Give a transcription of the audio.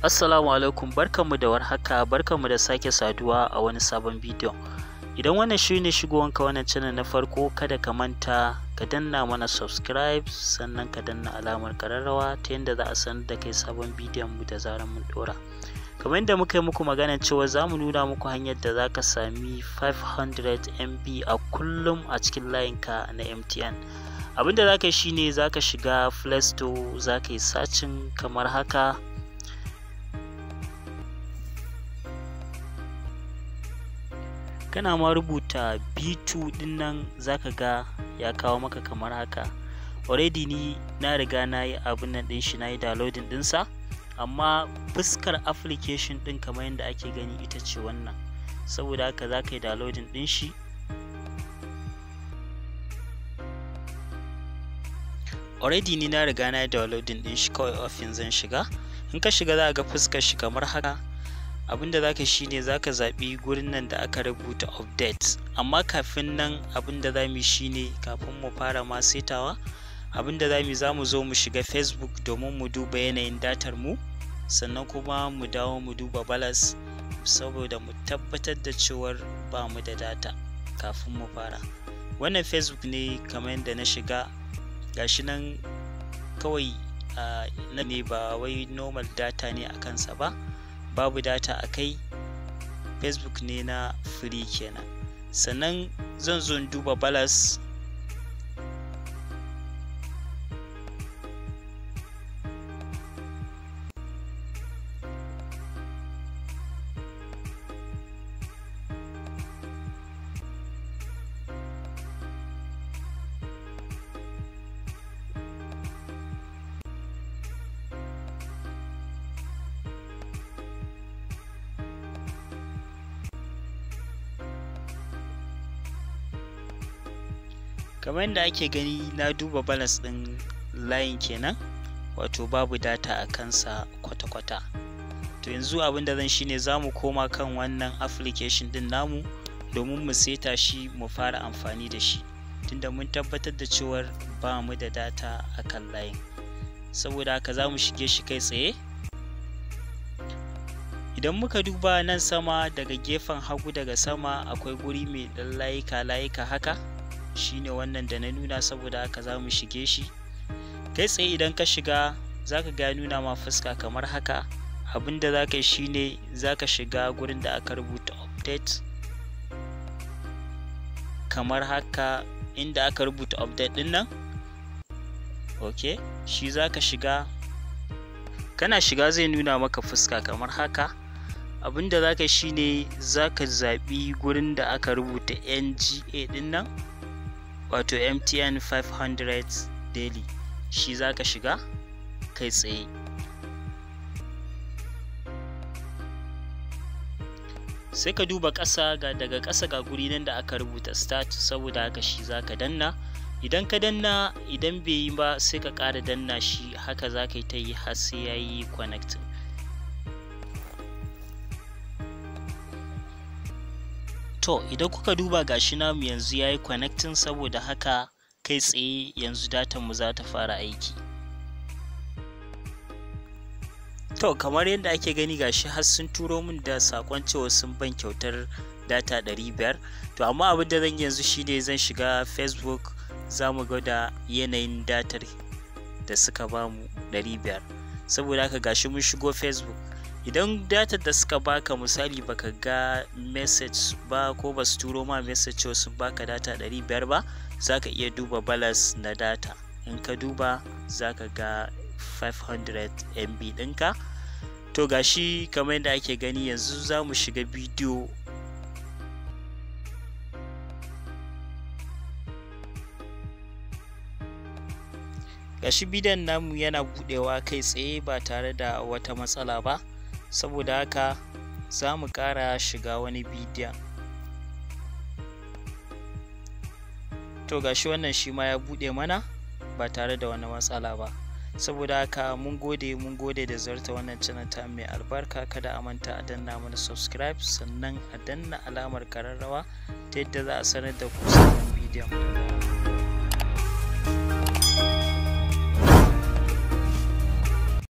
Assalamu alaikum barkanmu da warhaka barkanmu da sake saduwa a wani sabon bidiyo Idan wannan shi ne shigowanka wannan channel na farko kada ka manta ka danna mana subscribe sannan ka danna alamar kararrawa ta yadda za a sanar da kai sabon bidiyon mu da zarar mun dora. Kamar yadda muka yi muku magana cewa za mu nuna muku hanyar da za ka sami 500 MB a kullum a cikin layinka na MTN. Abinda za ka yi shine za ka shiga Play Store za ka yi sacin kamar haka. kana ma rubuta b2 din nan zaka ga ya kawo maka kamar haka already ni na riga na yi abin nan din shi na yi downloading dinsa amma fuskar application din kamar yadda ake gani ita ce wannan saboda haka za ka yi downloading din shi already ni na riga na yi downloading din shi kawai ofin zan shiga in ka shiga za ga fuskar shi kamar haka abinda zaka za zaka zaɓi gurin nan da aka rubuta update amma kafin nan abinda shi ne kafin mu fara ma setawa abinda zamu mu zo mu shiga facebook domin mu duba yanayin datar mu sannan kuma mu dawo mu duba balas saboda mu tabbatar da cewar ba mu da data kafin mu fara wannan facebook ne kamar yadda na shiga gashi nan kawai ah, na ne ba wai normal data ne a kansa ba babu data a kai facebook ne na free kenan sannan zan zo duba balas kamar yadda ake gani na duba balance ɗin layin kenan wato babu data a kansa kwata-kwata to yanzu abin da zan shine za mu koma kan wannan application ɗin namu domin mu seta shi mu fara amfani da shi tunda mun tabbatar da cewar ba mu da data a kan layin saboda haka za mu shige shi kai tsaye idan muka duba nan sama daga gefen hagu daga sama akwai guri mai ɗan layika layika haka Shi ne wannan da na nuna saboda haka za mu shige shi kai tsaye idan ka shiga za ka ga nuna ma fuska kamar haka abinda za ka yi ne, za ka shiga gurin da aka rubuta update kamar haka inda aka rubuta update din nan ok shi za ka shiga kana shiga zai nuna maka fuska kamar haka abinda za ka shi ne, za ka zaɓi gurin da aka rubuta nga din nan wato mtn 500 daily shi za ka shiga kai tsaye sai ka duba ƙasa daga ƙasa ga guri nan da aka rubuta start saboda haka shi za ka danna idan ka danna idan bai yi ba sai ka ƙara danna shi haka za ka yi ta yi har sai ya yi connecting to idan kuka duba gashi namu yanzu ya yi connecting saboda haka kai tsaye yanzu datan mu za ta fara aiki to kamar yadda ake gani gashi har sun turo min da sakon cewa sun ban kyautar data 500 to amma abin da zan yanzu shi ne zan shiga facebook za mu da yanayin datar da suka bamu 500 saboda haka gashi mun shigo facebook idan data da suka baka misali baka ga message ba ko ba su turo ma message wasu ba baka data 500 ba za ka iya duba balas na data in ka duba za ka ga 500 mb ɗinka to gashi kamar yadda ake gani yanzu za mu shiga bidiyo gashi bidiyon namu yana budewa kai tsaye ba tare da wata matsala ba saboda haka za mu ƙara shiga wani bidiyon to ga shi wannan shi ma ya buɗe mana ba tare da wani matsala ba saboda haka mun gode mun gode da zarta wannan channel ta mai albarka kada a manta a danna mana subscribe sannan a danna alamar kararrawa ta yadda za a sanar da kusa wani bidiyon